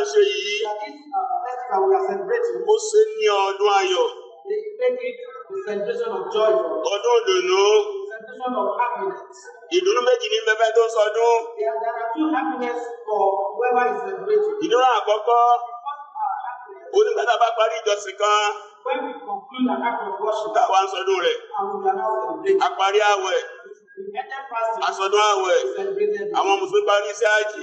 ń ṣe yìí ó ṣe ní ọdún ayọ̀. ọdún ìdùnnú. ìdùnnú méjì ní bẹ́ẹ̀ tó ń sọdún. ìdùnnú àkọ́kọ́ onígbàtà bá parí ìjọsìn kan. táwa ń sọdún rẹ̀. a parí àwẹ̀. a sọdún àwẹ̀. àwọn mùsùlùmí parí sí àjì.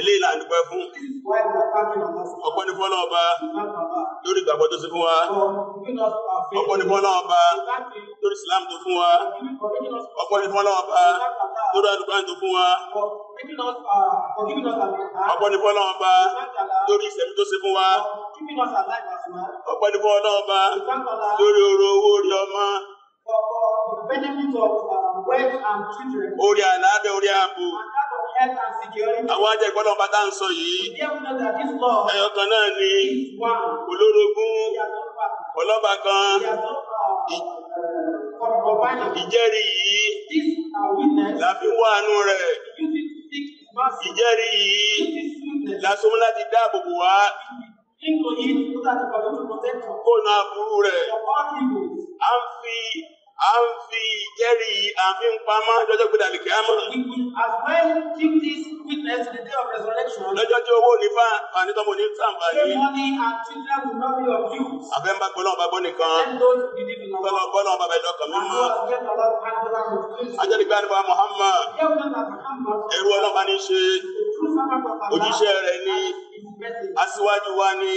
eléyìí là ń dúpẹ́ fún ọ̀pọ̀ ní fọ́lọ́ ọba lórí ìgbàgbọ́ tó ṣe fún wa ọ̀pọ̀ ní fọ́lọ́ ọba lórí Islam tó fún wa ọ̀pọ̀ ní fọ́lọ́ ọba lórí àdúgbàn tó fún wa ọ̀pọ̀ ní fọ́lọ́ ọba lórí ìṣẹ̀mí tó ṣe fún wa ọ̀pọ̀ ní fọ́lọ́ ọba lórí oró owó orí ọmọ. Um, orí àlá abẹ́ orí ààbò. Àwọn ajẹ́ ìgbọ́dọ̀ bá tá à ń sọ yìí. Ẹyọ kan náà ni olórogún ọlọ́ba kan uh, uh, uh, ìjẹ́rìí yìí làbí wà nù rẹ̀ ìjẹ́rìí yìí lásán láti dáàbò bò wá kó náà burú rẹ̀ à ń fi a ń fi ìjẹ́rìí àfin pamọ́ lọ́jọ́ gbé dàlìkẹ́ àmọ́. as well keep this witness to the day of resurrection. lọ́jọ́ tí owó ní fa àní tọ́mọ ní sàǹfà yìí. the money and children will not be of use. àfẹ́ ń bá gbọ́dọ̀ bá gbọ́ nìkan. and those who believe in God. bọ́lá bọ́lá bàbá ẹ̀dọ́ kan mímọ́. ajẹ́lẹ́gbẹ́ àdìbò Muhammad. ẹrú ọlọ́ba ní ṣe. ojúṣe rẹ̀ ni. aṣíwájú wa ni.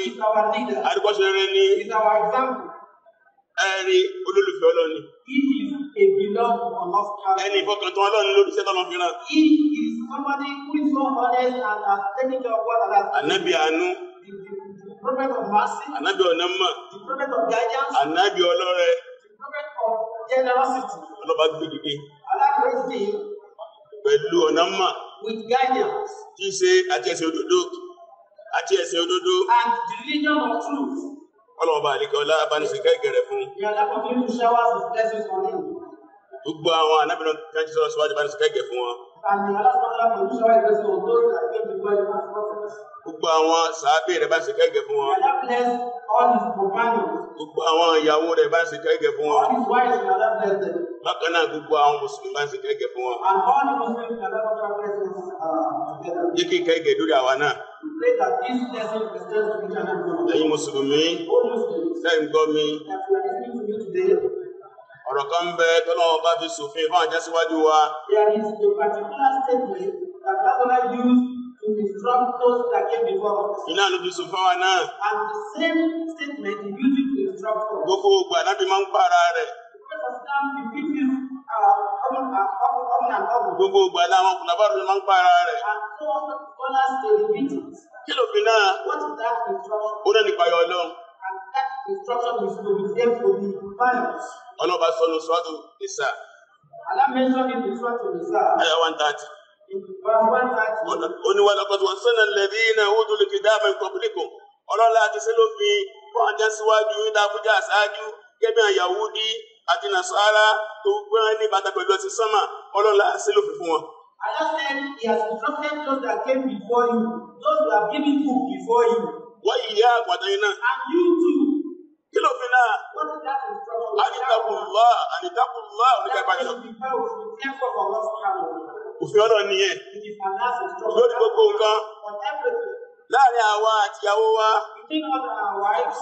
àdìgbọ́sẹ̀ rẹ̀ ni ẹ̀rí olólùfẹ́ ọlọ́ni. It is a beloved of God. Ẹni ìfọkàntán ọlọ́ni lórí iṣẹ́ tọ́lọ́ fìràn. It is somebody who is so honest and has taken of God and has. Ànábì prophet of mercy. Ànábì ọ̀nàmọ̀. prophet of guidance. Ànábì ọlọ́rẹ. prophet of generosity. Ọlọ́ba gbèdéde. Alágbèsè. Pẹ̀lú ọ̀nàmọ̀. With guidance. Kí ṣe àti ẹsẹ̀ òdodo. Àti ẹsẹ̀ òdodo. And the religion of truth ọlọ́ọ̀bá àríkọ́lá bá ní ṣìkẹ́ ìgẹ̀rẹ̀ fún gbogbo àwọn anábìnrin kan jí sọ́rọ̀ síwájú bá ní ṣìkẹ́ ìgẹ̀ fún wọn gbogbo àwọn sàábì rẹ̀ bá ṣe fún wọn gbogbo àwọn ìyàwó rẹ̀ bá ṣe fún wọn bákan náà gbogbo àwọn mùsùlùmí bá ṣe fún wọn yíkí kẹ́gẹ̀ lórí àwa náà pray Mùsùlùmí, ṣe ń mi. Ọ̀rọ̀ kan bẹ tọ́lọ́wọ́ bá fi ṣòfin fún àjẹsíwájú wa. There is a particular statement that Bàbá used to instruct those that came before us. Iná ló fi ṣòfin wa náà. And the same statement he used to instruct us. Gbogbo ògbà lábí máa ń para rẹ̀. Because of time, the people uh, uh, Gbogbo ìgbà máa ń para rẹ̀ kí ló fi náà ó náà nípa ayọ̀ ọlọ́run. ọlọ́ba sọ ló sọ́ àtò nìsà. ayọ̀ one thirty. oníwàlọ́kọ̀tù wọn sọ́nà lẹ́bí iná owó tó lè fi dáàmú ìkọ̀pìlìkọ̀ ọlọ́lá àti sẹ́lẹ̀ fi wọ́n á já síwájú dábújá àṣáájú gẹ́gẹ́ bí Yahudi àti Nasara tó gbọ́n ní bàtà pẹ̀lú ọtí sọ́mà ọlọ́lá àti sẹ́lẹ̀ fi fún wọn. Allah said He has instructed those that came before you, those who have given food before you. Wọ́n yìí yá àgbàdo yín náà. And you too. Kí ló fi náà? What is that instruction? Anitakunla Anitakunla oníkàgbàjọ. That is the way we care for our family. Òfin ọ̀nà nìyẹn. It is Allah's instruction. Lórí gbogbo nǹkan. everything. Láàárín àwa àtìyàwó wa. Between us and our wives.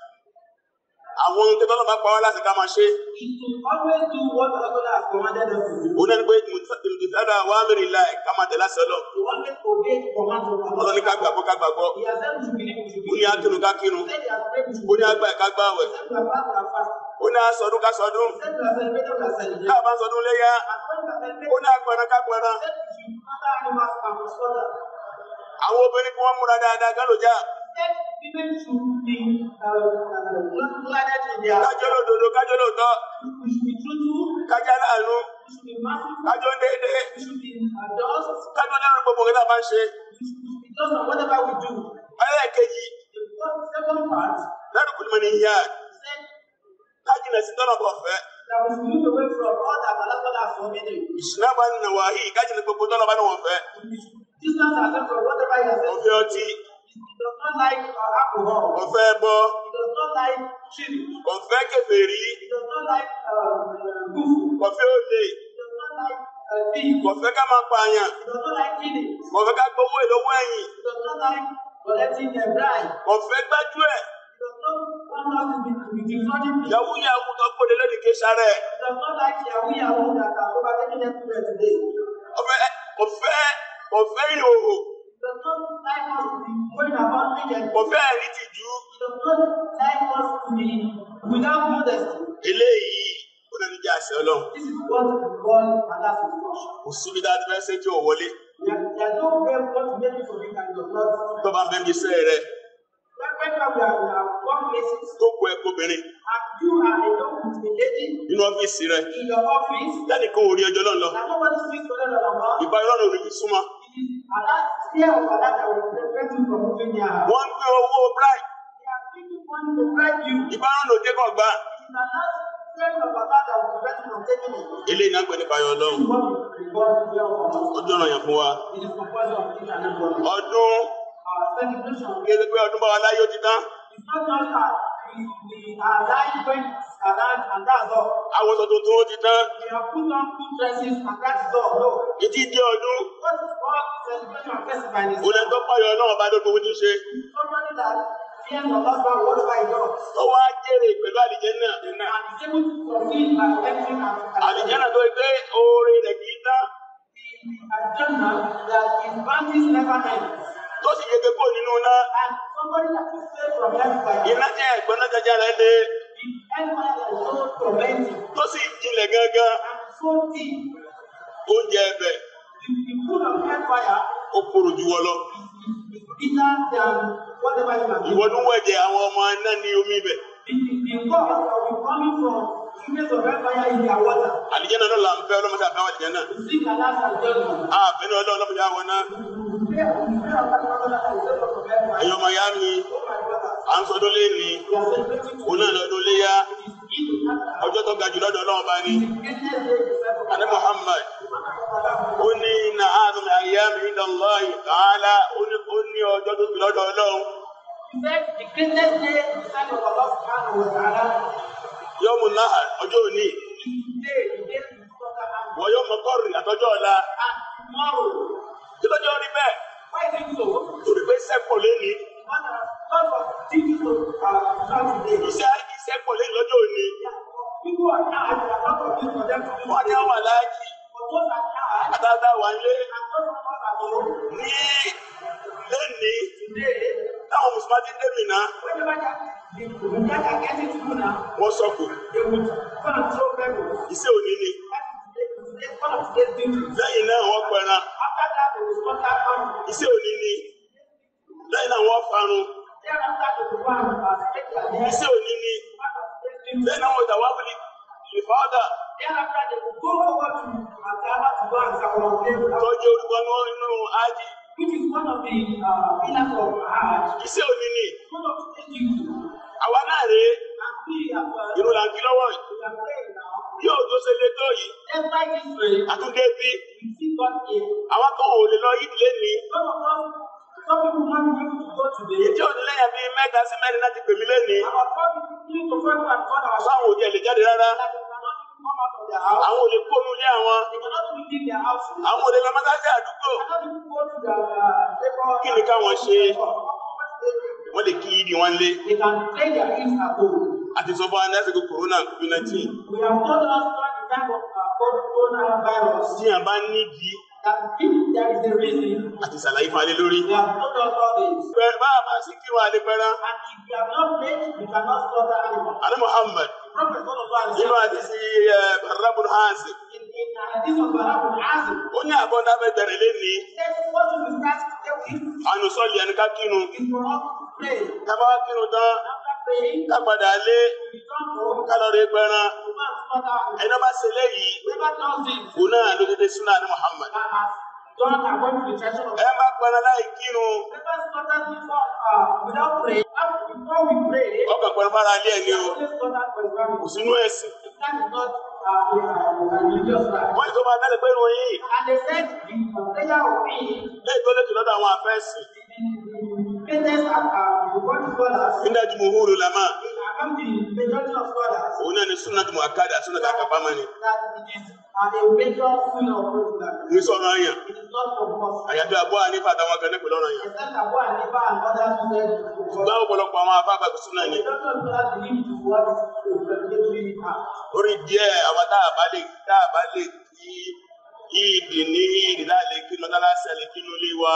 àwọn ohun tẹ́tọ́ lọ́ba pa wá láti ká máa ṣe. ó náà ní pé mùtẹ́lá wa mẹ́rin la ẹ̀ ká máa tẹ̀lé àṣẹ lọ. ọlọ́run ní ká gbàgbọ́ ká gbàgbọ́. ó ní akínú ká kínú. ó ní agbá ẹ̀ ká gbá wẹ̀. ó ní asọdún ká sọdún. ká bá sọdún léyà. ó ní agbọ̀nà ká gbọ̀nà. àwọn obìnrin kí wọ́n múra dáadáa gálòjá set given to the planet lòdòdó, kájọ́ lòótọ́. We should be truthful. Kájọ́ láàánú. should be merciful. Kájọ́ déédé. We should be adults. Kájọ́ gbogbo kí n máa ṣe. We should be whatever we do. The second part. Lẹ́nu kùnìmọ̀ ni ìyá. Kájìnà sí tọ́nà bọ̀ fẹ́. That we should move away from all that Balakala has forbidden. Ìsìlámù àti Nàwáhí, kájìnà gbogbo tọ́nà bá ní wọ̀n fẹ́. Distance ourselves from Ọ̀fẹ́ ọtí. Kò fẹ́ bọ́. Kò fẹ́ kèfèrí. Kò um, fẹ́ olè. Kò uh, fẹ́ ká máa pààyàn. Kò fẹ́ ká gbowó ìlówó ẹ̀yìn. Kò fẹ́ gbájú ẹ̀. Yàwú yàwú tó gbòde lórí kéṣà rẹ̀. Kò fẹ́ kò fẹ́ ìhòòhò. Mo fẹ́ rí tìjú. Eléyìí ó náà ní jẹ́ àṣẹ Ọlọ́run. Kò síbi dájú bẹ́ẹ̀ ṣe tí ò wọlé. Tó bá bẹ́ẹ̀ bí sẹ́ẹ̀ rẹ̀. Tó kọ ẹ kóbìnrin. Inú ọ́fíìsì rẹ̀. Lẹ́nìkan ò rí ẹjọ́ lọ́nà. Ìbá Ọlọ́run ò ní fi súnmọ́. Wọ́n gbé owó bright. Ìbára ló jẹ́ kọ̀ gbà. Ilé iná pẹ̀lú Bayọ̀ Ọlọ́run. Ọjọ́ ọ̀nà yẹn fún wa. Ọdún kí ẹgbẹ́ ọdún bá wa láyé ó ti tán and that that's all. Àwọ̀sọ̀ tuntun ó ti tán. They have put on two dresses and that's all. No. Ìdí ìdí ọdún. What is what celebration and festival is? Olè tó pààyọ̀ náà bá lóko ní ṣe. Somebody that fears the Lord God won't find God. Ó wá jèrè pẹ̀lú àlìjẹ́ náà. And is able to fulfill my blessing and. Àlìjẹ́ náà tó yẹ pé oore rẹ̀ kì í tán. The agenda that is bounties never ends. Tó sì yege kó nínú náà. And somebody that is from hell by God. Iná jẹ́ ẹ̀gbọ́n náà jẹjẹrẹ lé tó sì jinlẹ̀ gángan oúnjẹ ẹbẹ̀ ó kúrò jù wọ lọ. ìwọ ló wẹ̀jẹ̀ àwọn ọmọ náà ní omi ibẹ̀. Àlìjẹ́nà náà là ń fẹ́ ọlọ́mọdé àbẹ́wò àlìjẹ́nà. Àbẹ́nu ọlọ́mọdé àwọn náà. Ẹ̀yọ́ ọmọ ya mi à ń sọdún lé ní òun náà lọ́dún léyà ọjọ́ tó ga jù lọ́dọ̀ ọlọ́run bá ní. Adé Muhammad ó ní iná àánú àyàmì ìdá Allahi ta'ala ó ní ọjọ́ tó gbìn lọ́dọ̀ ọlọ́run. Yọ́mù náà ọjọ́ òní. Wọ́n yóò mọ kọ́rì àtọ́jọ́ ọ̀la. Kí lọ́jọ́ rí bẹ́ẹ̀? Torí pé sẹ́pọ̀ lé ní. Iṣẹ́ iṣẹ́ pọ̀ lẹ́yìn lọ́jọ́ òní. Wọ́n ní àwọn aláàjì. Àtàtà wà lé. Ní lẹ́nìí. Táwọn Mùsùlùmí ti dé mi náà. Wọ́n sọ̀kò. Iṣẹ́ òní ni. Lẹ́yìn náà wọ́n pẹran. Iṣẹ́ òní ni lẹ́yìn náà wọ́n farun iṣẹ́ òní ni lẹ́yìn náà wọ́n ìdàwọ́ àbúlé ìfọ́dà. tọ́jú orúkọ ní wọ́n nínú ájì. iṣẹ́ òní ni àwa náà rèé ìrora kí lọ́wọ́ yìí yóò tó ṣe lé tó yìí. àtúndé bí àwọn kan ò lè lọ yídìí lé ní. Some people don't even to go today. Ìjọ lẹ́yìn bíi mẹ́ta sí mẹ́rin láti pèmí lẹ́nìí. Àwọn kan ní kò fẹ́ fún àtúntò àwọn. Sáwọn òde lè jáde rárá. Àwọn òde kó nu ilé àwọn. Àwọn òde lọ mọ́tàjì àdúgbò. Kí ni káwọn ṣe? Wọ́n lè kí ìdí wọn lé. Àti sọ fún wa ní àsìkò kòrónà COVID-19. We have told us about the time of our coronavirus. Tí a bá nídìí àti sàlàyé fún alẹ́ lórí. bẹ́ẹ̀ bá a máa sì kí wọn alẹ́ pẹ́rán. alẹ́ Muhammad nínú àdìsí barabun hansi. ó ní àbọ̀dá bẹ́ẹ̀ bẹ̀rẹ̀ lẹ́nìí. ànusọ̀lì ẹni ká kírun. ká bá kírun tán ká padà lé ká lọ rí gbẹran ẹni bá ṣe léyìí kò náà ló dédé súnà ní Muhammad ẹ má gbẹran láì kírun ọkàn gbẹran bára lé ẹni o kò sínú ẹsìn wọ́n yìí tó máa dálé pé irun yìí lẹ́yìn tó lè tún lọ́dọ̀ àwọn afẹ́sì inda jumhurul ulama ona ni sunna tumu akada sunna ta ka pama ni ni sọ̀rọ̀ yan àyàtọ̀ àbọ̀ ànífà àtàwọn kan nípìnlẹ̀ ọ̀rọ̀ yan bá ọ̀pọ̀lọpọ̀ àwọn afáfà tó súnà ni orí díẹ̀ àwọn tá a bá lè tá a bá lè kí ìdì ní ìdí láàlè kí lọ́dá lásìlè kí ló lé wa.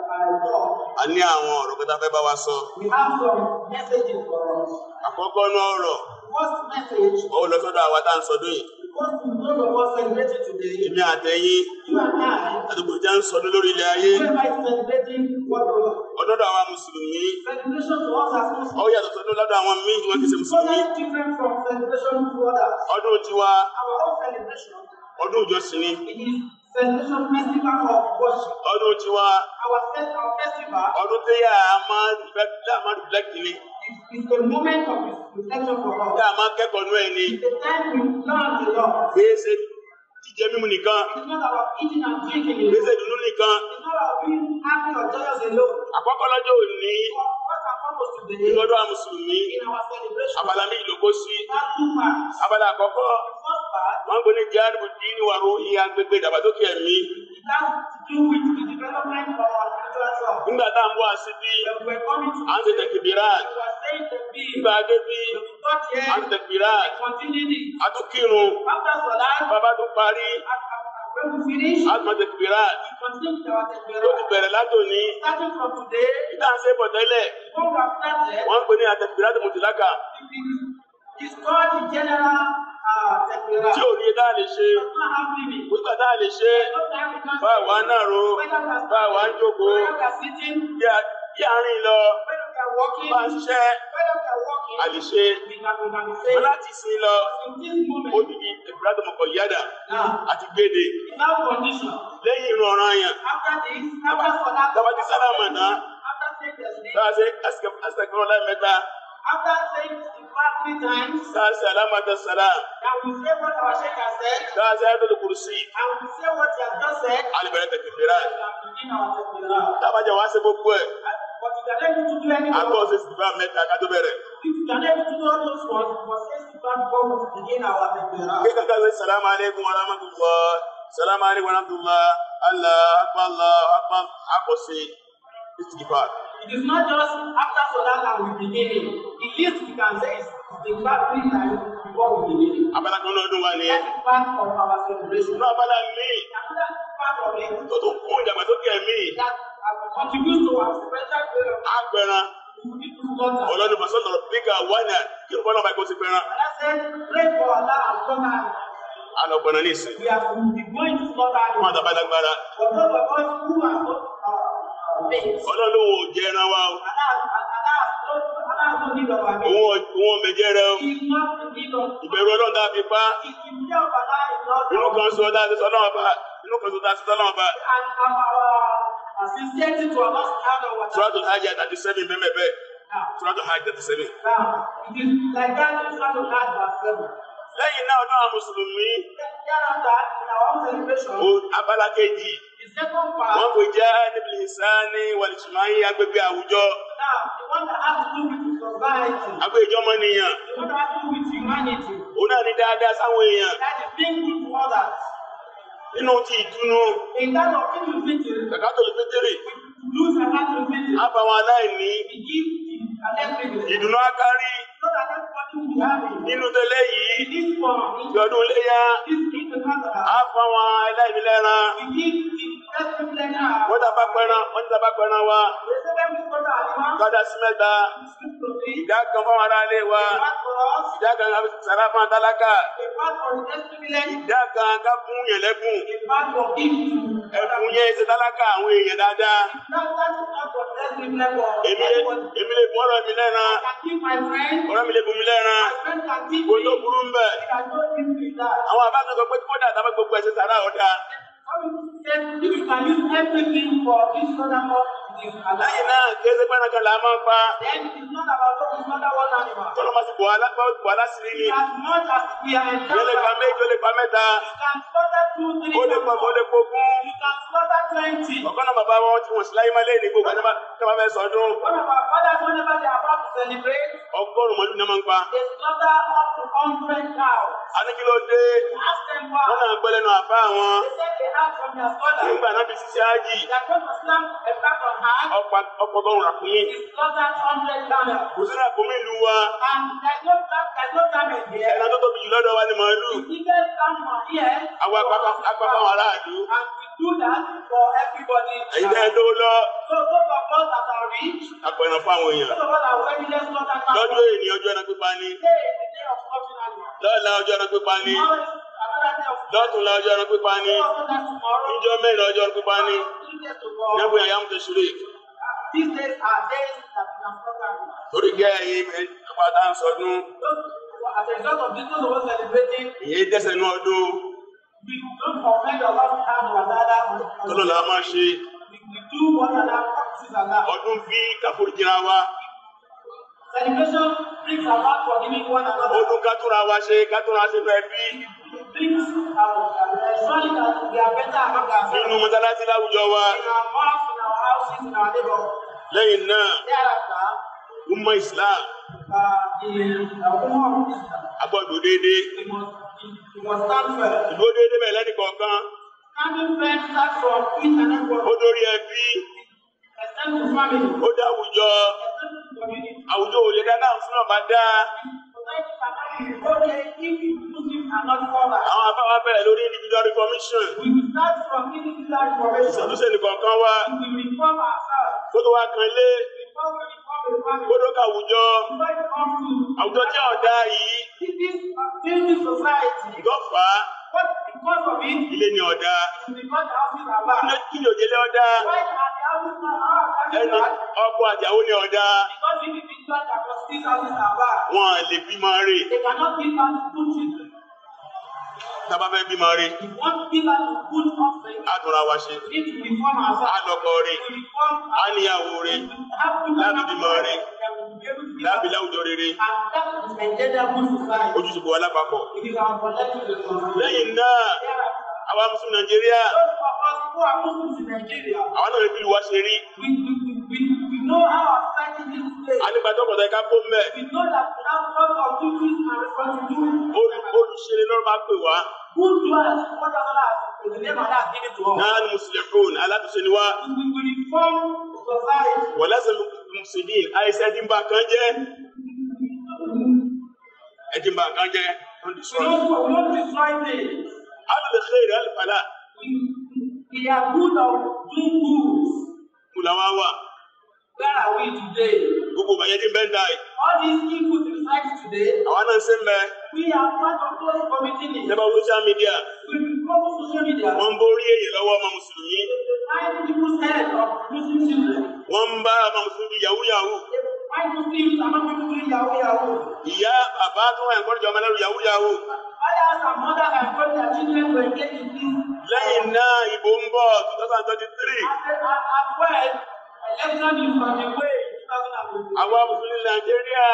a ní àwọn ọ̀rọ̀ kẹta fẹ́ bá wa sọ. àkọ́kọ́ náà ọ̀rọ̀ ó lọ sọ́dọ̀ àwa tá à ń sọdún yìí. Èmi àtẹ̀yìn àdúgbò jẹ́ ń sọdún lórí ilẹ̀ ayé. Ọ̀dọ́dọ̀ àwa Mùsùlùmí. Ó yàtọ̀ sọdún lọ́dọ̀ àwọn míì tí wọ́n ṣe Mùsùlùmí. Ọdún tiwa ọdún ìjọsìn ni. Ọdún tiwa. Our Ọdún tó yà á máa reflect á a moment of reflection for us. Tá a máa kẹ́kọ̀ọ́ nú ẹ ni. It's time we learn the law jíjẹ mímu nìkan. Gbèsè dunu nìkan. Àkọ́kọ́ lọ́jọ́ òní. Ìlọ́dọ̀ àwọn Mùsùlùmí. Abala méjì ló kó sí. Abala àkọ́kọ́. Wọ́n gbé ní Jihad Bùdí ní Wàrú ìyá gbégbé ìdàgbàsókè ẹ̀mí nígbà tá à ń bọ́ àṣìbí à ń ṣe tẹ̀kìbìrà nígbà adé bí à ń tẹ̀kìbìrà àtúnkírun bàbá tó parí àtúntẹ̀kìbìrà ló ti bẹ̀rẹ̀ látòní ìdáhùn ṣe bọ̀ tẹ́lẹ̀ wọ́n ń pè ní àtẹ̀kìbìrà tó mọ̀tìláka tí ò ní dá lè ṣe nígbà dá lè ṣe bá wa náà ro bá wa ń jókòó bí a rìn lọ bá ń ṣiṣẹ́ a lè ṣe wọn láti sin lọ odidi ìbúrádùn ọkọ̀ yádà àti gbèdè lẹ́yìn ìrun ọ̀ràn yẹn tábàtì sálámà náà tábàtì asìkàfọ́lá mẹ́ta. After saying istighfar three times. That's salamat salam. That we say what our sheikh has said. That's ayatul kursi. And we say what he has just said. Alibẹ̀rẹ̀ tẹ̀kìfìrà. Tábàjẹ́ wá sí gbogbo ẹ̀. But you can let me do anything. Agbọ́n ṣe istighfar mẹ́ta ká tó bẹ̀rẹ̀. If you can let me do all those words, for say istighfar before we begin our tẹ̀kìfìrà. Kí kankan ṣe salamu aleykum wa rahmatulah. Salamu aleykum wa Allah akbar Allah akbar akọ̀ṣe istighfar. It is not just after Salat that we begin it. The least we can say is the three times before we begin it. Abala kan náà dùn wá ni ẹ. That's part of our celebration. Náà abala mi. Abala part of it. Tó tó kún ìdàgbàsókè mi. That contributes to our special prayer. Agbẹ̀rán. Ọlọ́run bá sọ̀rọ̀ bíga wáyà kí ló bá náà bá kó ti fẹ́ràn. Ẹsẹ̀ pray for Allah and God and Alọ̀gbọ̀nà ní ìsìn. We are from the going to slaughter. Wọ́n àtàbàdàgbàdà. Ọ̀dọ́ bàbá who are ọlọ́lọ́wọ́ ò jẹ ẹran wa o. Òun ọ̀mẹ̀jẹ̀ rẹ o. Ìbẹ̀rù ọlọ́run tá a fi pa. Inú kan sọ tá a ti sọ náà bá. Inú kan sọ tá a ti sọ náà bá. Suratul Hajj thirty seven bẹ́ẹ̀ bẹ́ẹ̀. Suratul Hajj thirty seven lẹ́yìn náà ọdún àwọn mùsùlùmí. o abala kejì. wọ́n kò jẹ́ níbi ìsáni wàlìsùmáyé agbègbè àwùjọ. agbègbè ìjọmọ nìyàn. o náà ní dáadáa sáwọn èèyàn. nínú ti ìtùnú. kàkátó lè pétérè. àbàwọn aláìní ìdùnnú akárí nínú tẹ́lẹ̀ yìí lọ́dún léyà àpọ̀ wọn ẹlẹ́mìlẹ́ran wọ́n tàbá pẹran wọ́n tàbá pẹran wa kọ́dà símẹ́ta ìdá kan fáwọn aráalé wa ìdá kan sara fún atálákà ìdá kan ká fún yẹlẹ́kùn ẹ̀fún yẹn ṣe tálákà àwọn èèyàn dáadáa èmi lè mọ́ rẹ̀ mi lẹ́ran ọ̀rẹ́ mi lè bù mí lẹ́ran kò tó burú ń bẹ̀. àwọn àbá kan sọ pé kódà táwọn gbogbo ẹ̀sìn sàrà ọ̀dà láyé náà kéésì pé nàkà là á máa pa. tọ́lọ́ ma ti bọ̀ alá sí ni. yóò lè pa méjì yóò lè pa mẹ́ta. ó lè pa ó lè kókún. ọ̀kan náà bàbá wọn ti wọ̀n sí láyé máa lé ní gbogbo àti bàbá ẹ̀ sọdún. ọgọ́rùn-ún mọ́lú ni wọ́n máa ń pa. a ní kí ló dé. wọ́n náà gbẹ́lẹ́nu àbá wọn. nígbà náà fi ṣiṣẹ́ ájì ọpọlọ rà pín. kò sí ràpò mi lu wa. ẹ̀ka tó tóbi jù lọ́dọ̀ wa ni màálù. àwọn agbábá wọn aráàlú. Do that for everybody. Ẹ̀yin tẹ́ tó lọ. So those of us that are rich. Àpẹẹrẹ fún àwọn èèyàn. Those of us that are very less not that much. Lọ́jọ́ ọjọ́ ẹran pípa ni. Today is the day of slaughtering animals. Lọ́la ọjọ́ ẹran pípa ni lọ́tún la ọjọ́ ọdún pípa ní níjọ́ mẹ́rin ọjọ́ ọdún pípa ní nígbà yàrá mú tẹ̀sùrì. torí gẹ́ ẹ̀yin ẹ̀jọba tá ń sọdún. èyí tẹ̀sẹ̀ ní ọdún. tọ́lọ̀ la máa ṣe. ọdún bí káfórí jìnnà wa. Celebration brings about forgiving one another. Odun ká túnra wa ṣe ká túnra ṣe fẹ́ bí nínú mọ́tálásí láwùjọ wa lẹ́yìn náà umma islam uh, uh, agbọ́dọ̀ déédéé ìdúró déédéé bẹ́ẹ̀ lẹ́nu kọ̀ọ̀kan ó dórí ẹbí ó dá àwùjọ àwùjọ òye dáná àwùjọ náà máa dá wá bẹ̀rẹ̀ lórí individual reformation. we will start from individual reformation. ìṣàtúnṣe nìkọ̀ọ̀kan wa. we will reform ourselves. kó tó wá kan lé. before we reform the family. kó tó ka àwùjọ. àwùjọ tí ọ̀dà yìí. this society. because of it. ilé ni ọ̀dà. ilé kí ni òjèlé ọ̀dà. ẹni ọkọ àjàwó ni ọ̀dà. because lè bímọ rè. they cannot give birth to children tábà fẹ́ bímọ rí. àtúnra wa ṣe. àlọ́kọ rí. àníyàwó rí. láti bímọ rí. láti láwùjọ rere. ojúṣe kò wá lápapọ̀. lẹ́yìn náà àwa mùsùlùmí nàìjíríà. àwọn náà lè bí ìlú wa ṣe rí. we know how our society is. Anigbadogbọdọ ẹka kó mẹ. We know that we have lots of duties and responsibilities. Olùṣèlè lọ́rọ̀ bá pè wá. Good doers, what does Allah in the name of Allah give it to us? Náà Mùsùlùmí, alátúnṣe ni wá. We will reform society. Wọ̀lá ṣe Mùsùlùmí, àìsàn ẹ̀dínbà kan jẹ́. Ẹ̀dínbà kan jẹ́. We don't destroy things. Alùpùpù xeyìrì alùpàlà. We are good of good. Kùlà wá wà. Where are we today? Gbogbo ìbàjẹ́ tí ń bẹ́ All these people decide today. Àwọn náà ṣe ń bẹ. We are part of those committee. Lẹ́bàá social media. We will go to social media. Wọ́n ń borí èyí lọ́wọ́ ọmọ Mùsùlùmí. They find people's head of Muslim children. Wọ́n ń bá ọmọ Mùsùlùmí yahoo yahoo. Why do people not people doing yahoo yahoo? Ìyá bàbá tó wà ẹ̀kọ́ ìjọba lẹ́rù yahoo yahoo. Fathers and mothers and God their children to engage in this. Lẹ́yìn náà, ìbò ń bọ̀ two thousand twenty three. As well, Àwọn Mùsùlùmí Nàìjíríà.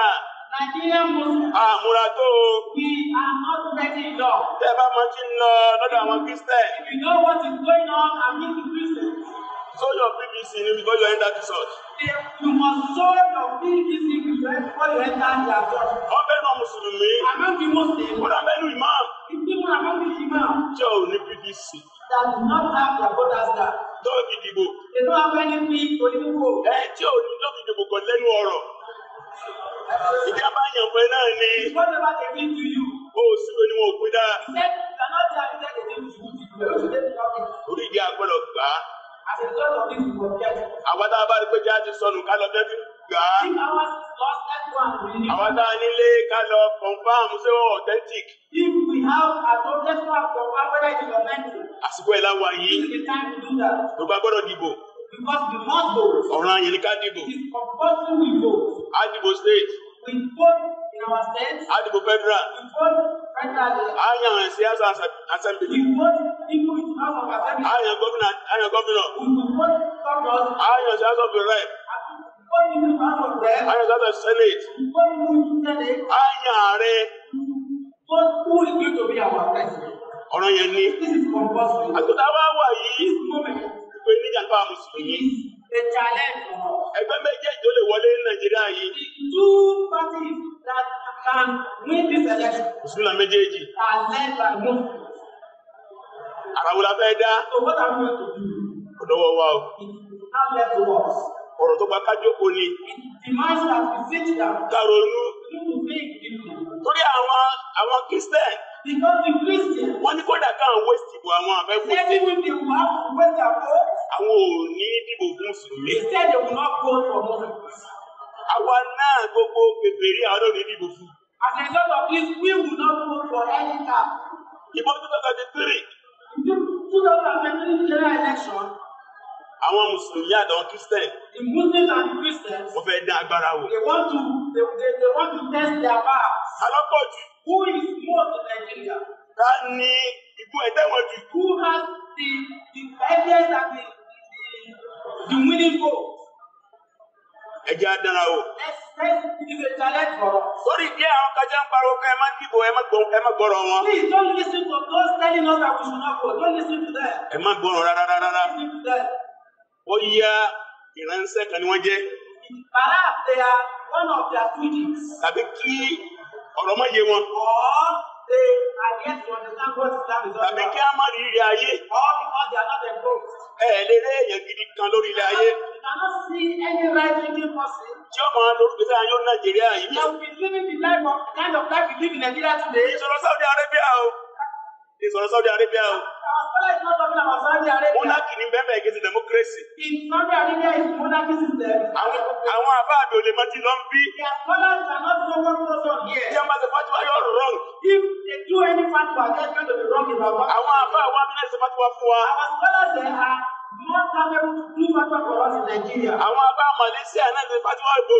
Nàìjíríà Mùsùlùmí. Àmúra tó o. We are not ready enough. Tẹ́ bá mọ tí ń lọ lọ́dọ̀ àwọn Kristẹ̀. If you know what is going on I amid the Christians. Sow your PVC ni because you enter the church. You must sow your PVC before you enter their church. Wọ́n bẹ́ẹ̀ náà Mùsùlùmí. Among the Muslims. Kódà bẹ́ẹ̀ lu imam. The people among the imam. Jẹ́ ò ní PVC. That do not have their brothers there tó fi dìbò. ètò afẹ́ni fi onídìbò. ẹ tí ò ní tó fi dìbò kọ lẹ́nu ọ̀rọ̀. ìjábá yànfẹ́ náà ni. ìfọ́nà bá ti rí ju yù. o sì lóni wọn ò pín dáa. sẹ́ẹ̀kì ìdáná ti àbíjẹ́ kò ní ju orí ìdí agbọ́dọ̀ gbà á. àwọn tá a bá rí pé jáde sọnù ká lọ tẹ́tí gbà á. àwọn tá nílé ká lọ confam ṣé wọ́n authentic. if we have a àsìkò ẹ̀ láwa yìí ló bá gbọ́dọ̀ dìbò. ọ̀ràn àyè ni ká dìbò. a dìbò state. a dìbò federal. a yàn ẹ̀ sí house of assembly. a yàn gómìnà. a yàn sí house of the rep. a yàn sí house of senate. a yàn ààrẹ who is going to be our president. ọ̀rọ̀ yẹn ni àtúntà wa wà yìí ìpè níjà nípa mùsùlùmí. the challenge. ẹgbẹ́ méjèèjì tó lè wọlé ní nàìjíríà yìí. two parties that can win this election. mùsùlùmí méjèèjì. are led by muslims. àràwùlà fẹ́ dá. so what are we going to do. ọ̀dọ́wọ́ wa o. it's not left to us ọ̀rọ̀ tó gba kájókòó ni. Kàrònú. Torí àwọn àwọn Christian. Because the Christian. Wọ́n ní kódà ká àwọn waste ìbò àwọn abẹ́fọ́. Ṣé kí wọ́n ti wá waste àpò? Àwọn ò ní dìbò fún Mùsùlùmí. Instead they will not go for Muslims. Àwa náà gbogbo bèbèrè àwọn ò ní dìbò fún. As a result of this, we will not go for any camp. Ìbọn two thousand and three. general election àwọn mùsùlùmí àtàwọn christian. the muslims and the christians. wọ́n fẹ́ dá agbára wò. they want to they, they, they want to test their powers. alọ́pọ̀ jù. who is most in Nigeria. ta ni ikú ẹ̀tẹ́wọ̀n jù. who has the the highest and the the, the winning goal. ẹ jẹ́ àdára o. challenge for us. lórí ìdílé àwọn kájá ń pariwo ká ẹ má dìbò ẹ má gbọ́rọ̀ wọn. please don't listen to those telling us that we should not go. don't listen to them. ẹ má gbọ́rọ̀ rárá rárá. don't listen to them bóyá ìránṣẹ́ kan ni wọ́n jẹ́. bàrà they are one of their students. tàbí kí ọ̀rọ̀ mọ̀ yé wọn. or they are yet to understand what Islam is all about. tàbí kí a má rí rí ayé. or because they are not involved. ẹ ẹ lè rí èèyàn gidi kan lórí ilẹ̀ ayé. you cannot see any right thinking person. tí ọmọ lórúkọ sáà yóò Nàìjíríà yìí. you be living the life of the kind of life we live in Nigeria today. ìṣòro Saudi Arabia o ìṣòro Saudi Arabia o is not about ni bẹ́ẹ̀ bẹ́ẹ̀ kìí democracy. In Saudi Arabia is monarchy system. Àwọn àwọn àbáàdì ò lè mọ ti lọ ń bí. Their scholars are not so well known here. Ṣé ọmọ ṣe fatiwa yóò wrong? If they do any part, they are going to be wrong about what. Àwọn àbáàdì wa bí náà ṣe fatiwa fún wa. Our scholars dey are more capable to do fatiwa for us in Nigeria. Àwọn àbá Malaysia náà ṣe fatiwa gbò.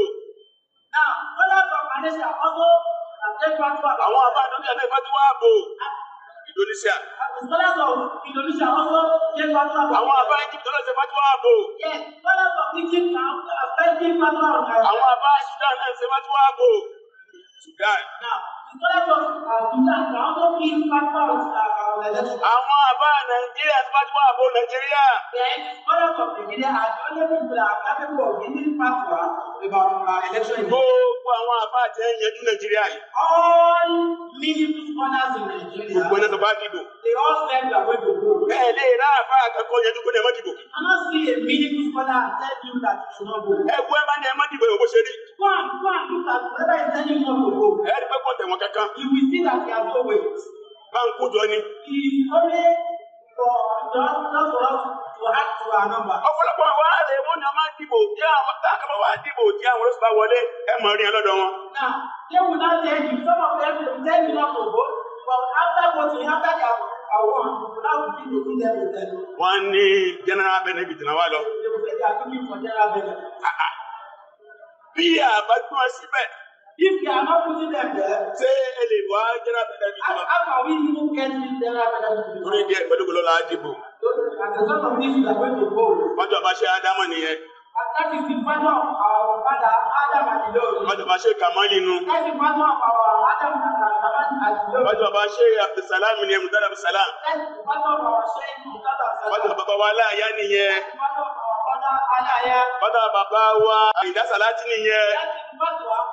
Now, scholars from Malaysia also have take fatiwa. Àwọn àbá Indonesia náà ṣe fatiwa gbò. Ah, Indonesia scholars of Indonesia also get fatwa. Àwọn àbá Egypt lọ́dọ̀ ṣe fatwa ààbò. Yes, scholars of Egypt have have given fatwa on Naira. Àwọn àbá Sudan náà ṣe fatwa ààbò. Sudan. Now, the scholars of uh, Sudan have also given fatwa on Naira. Uh, Àwọn àbá Nàìjíríà ti bá ti wá àbò Nàìjíríà. all of Gbogbo àwọn àbá àti ẹ̀yẹ́dún Nàìjíríà yìí. All meaningful scholars in Nigeria. Gbogbo ẹni tó bá dìbò. They all said that way to go. Bẹ́ẹ̀ lè rá àbá àkàkọ́ yẹn dúpọ̀ ní ẹ̀mọ́ dìbò. I no see a meaningful scholar tell you that you no go. Ẹ̀gbọ́n ẹ̀ bá ní ẹ̀mọ́ dìbò yòówó ṣe rí. Go and go and look at whether he tell you not to kọ́ tẹ̀wọ̀n kankan. You will see that he has no weight bá ń kójọ ni. ọ̀pọ̀lọpọ̀ wa lè mú ní ọmọ dìbò tí àwọn táàkàmọ wa dìbò tí àwọn olóṣù bá wọlé ẹ mọ rí ẹ wọn. Now, they will not tell you. Some of them will tell you not to vote, but after voting, after their àwọn ọ̀nà òbí ló fi lẹ́nu tẹ́lẹ̀. Wọ́n ní general benefit náà wá lọ. Ìjọba ìjọba àti kí n fọ general benefit. Ah, ah. Bí àbájúmọ̀ síbẹ̀. If they are not putting them there. say, ẹ lè wá jẹ́rà bẹ́ẹ̀ bí jùlọ? How can we even get in jẹ́rà bẹ́ẹ̀ bí jùlọ? Orí díẹ̀ pẹ̀lú gbọ́dọ̀ láti dìbò. As a result of this, we are going to go. Wọ́n jọba ṣe Ádámù nìyẹn. And that is the father of our father Adam and Ilorin. Wọ́n jọba ṣe Kàmọ́lì nu. That is the father of our Adam and Ilorin. Wọ́n jọba ṣe Abdulsalam nìyẹn Mùtálà Abdulsalam. That is the father of our ṣe Mùtálà Abdulsalam. Wọ́n jọba bàbá wa aláàyá nìyẹn. That is the father of our father aláàyá. Bàbá bàbá wa Ìdásálátì nìyẹn. That is the father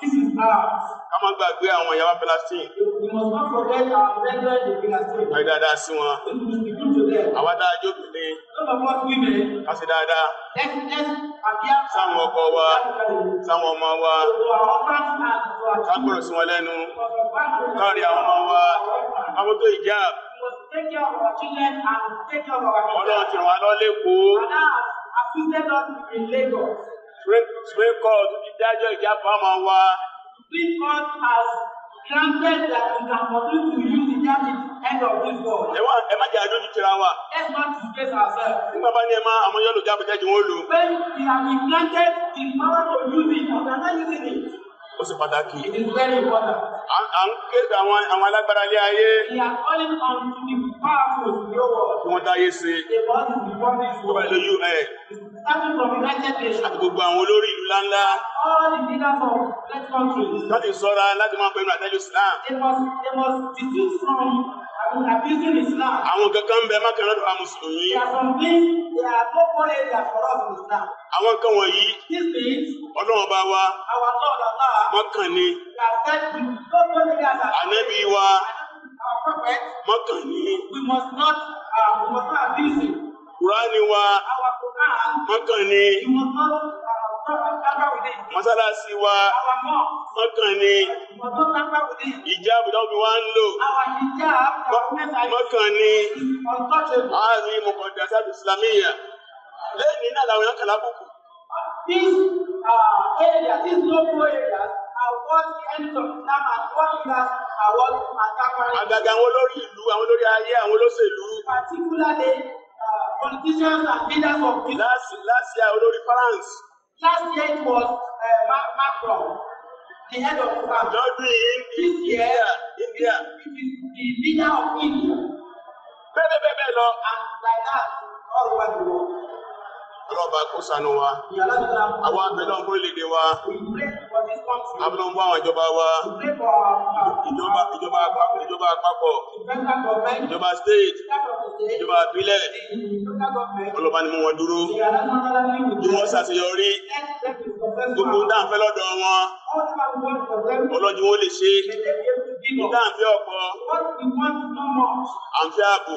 This is ours. Ká gbàgbé àwọn ìyá wa Palestine. We must not forget our brethren in Palestine. Báyìí dáadáa sí wọn. We must be good to them. Àwa dáadé women. Ká ṣe dáadáa. Let's let's appear. Sáwọn ọkọ wa. Sáwọn ọmọ wa. Ká gbọ́dọ̀ sí wọn lẹ́nu. Ká rí àwọn ọmọ wa. Ká mọ́tò ìjà. Take our children and take care of our children. Ọlọ́run ti ràn wá lọ́lẹ́kọ̀ọ́. And now, assisted us in Lagos pray God ti dájọ́ ìjábọ̀ àmọ́ wa. Please God has granted that we can continue to use the judgment end of this world. Ẹ wá ẹ má jẹ́ àjọ ju tira wa. Let's not disgrace ourselves. Nígbà bá ní ẹ máa àwọn yóò lò jábọ̀ jẹ́ kí wọ́n lò. When we have been granted the power to use it, we are not using it ṣe pàtàkì. It is very important. àwọn alágbára ilé ayé. We are calling on the powerful new world. Kí wọ́n dáyé ṣe. The Tó bá yẹ kí UN. Starting from United Àti gbogbo àwọn olórí ìlú ńlá ńlá. all the leaders of great countries. wọ́n ti sọ́ra láti máa pẹ̀lú àtẹ́jú Islam. they must they must desist from abusing Islam. àwọn kankan bẹ mákànnà lọ́dọ̀ àwọn mùsùlùmí. there are some things they are no more area for us in Islam. àwọn kan wọ̀nyí. these things. ọlọ́run bá wa. our Lord Allah. wọ́n kàn ní. are said to be so many years wa. our prophet. wọ́n kàn we must not uh, we must not abuse it. Kùránì wa. our Quran. wọ́n kàn we must not mọ́sálásí wa mọ́kàn ni ìjáàbù dábì wá ń lò mọ́kàn ni ààrin mọ̀kàndà sábì islamiyya lẹ́yìn náà làwọn yàn kàlá kùkù. These areas, these local areas, are what the enemies of leaders are what attackers. Àgàgà àwọn olórí ìlú, àwọn olórí ayé, àwọn olóṣèlú. Particularly uh, politicians and leaders of. Last last year olórí France. Last year it was uh, Macron, the head of France. Lọ́dún yìí ní India. India. It is the leader of India. Bẹ́ẹ̀ bẹ́ẹ̀ bẹ́ẹ̀ And like that all over the world ọlọ́ba kó ṣàánú wa àwa abẹ́lẹ́ ọ̀gbọ́n léde wa abẹ́lẹ́ ọ̀gbọ́n àwọn ìjọba wa ìjọba ìjọba àpapọ̀ ìjọba àpapọ̀ ìjọba state ìjọba ìbílẹ̀ ọlọ́ba ni mo wọn dúró kí wọ́n ṣàṣeyọrí gbogbo dáńfẹ́ lọ́dọ̀ wọn ọlọ́jú wọn lè ṣe dáńfẹ́ ọ̀pọ̀ àǹfẹ́ ààbò.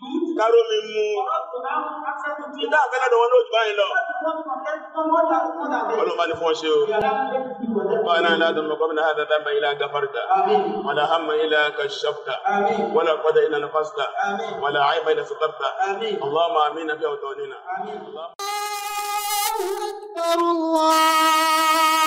káró mi mú ìdá àtẹ́lẹ̀ dọ̀wọ́ ní òjò báyìí lọ. ọlọ́mọ ni fún ọ ṣe o. ربنا لا ذنب قبل هذا ذنب الا غفرته ولا هم الا كشفته ولا قد الا نقصته ولا عيب الا سترته اللهم امين في اوطاننا الله اكبر الله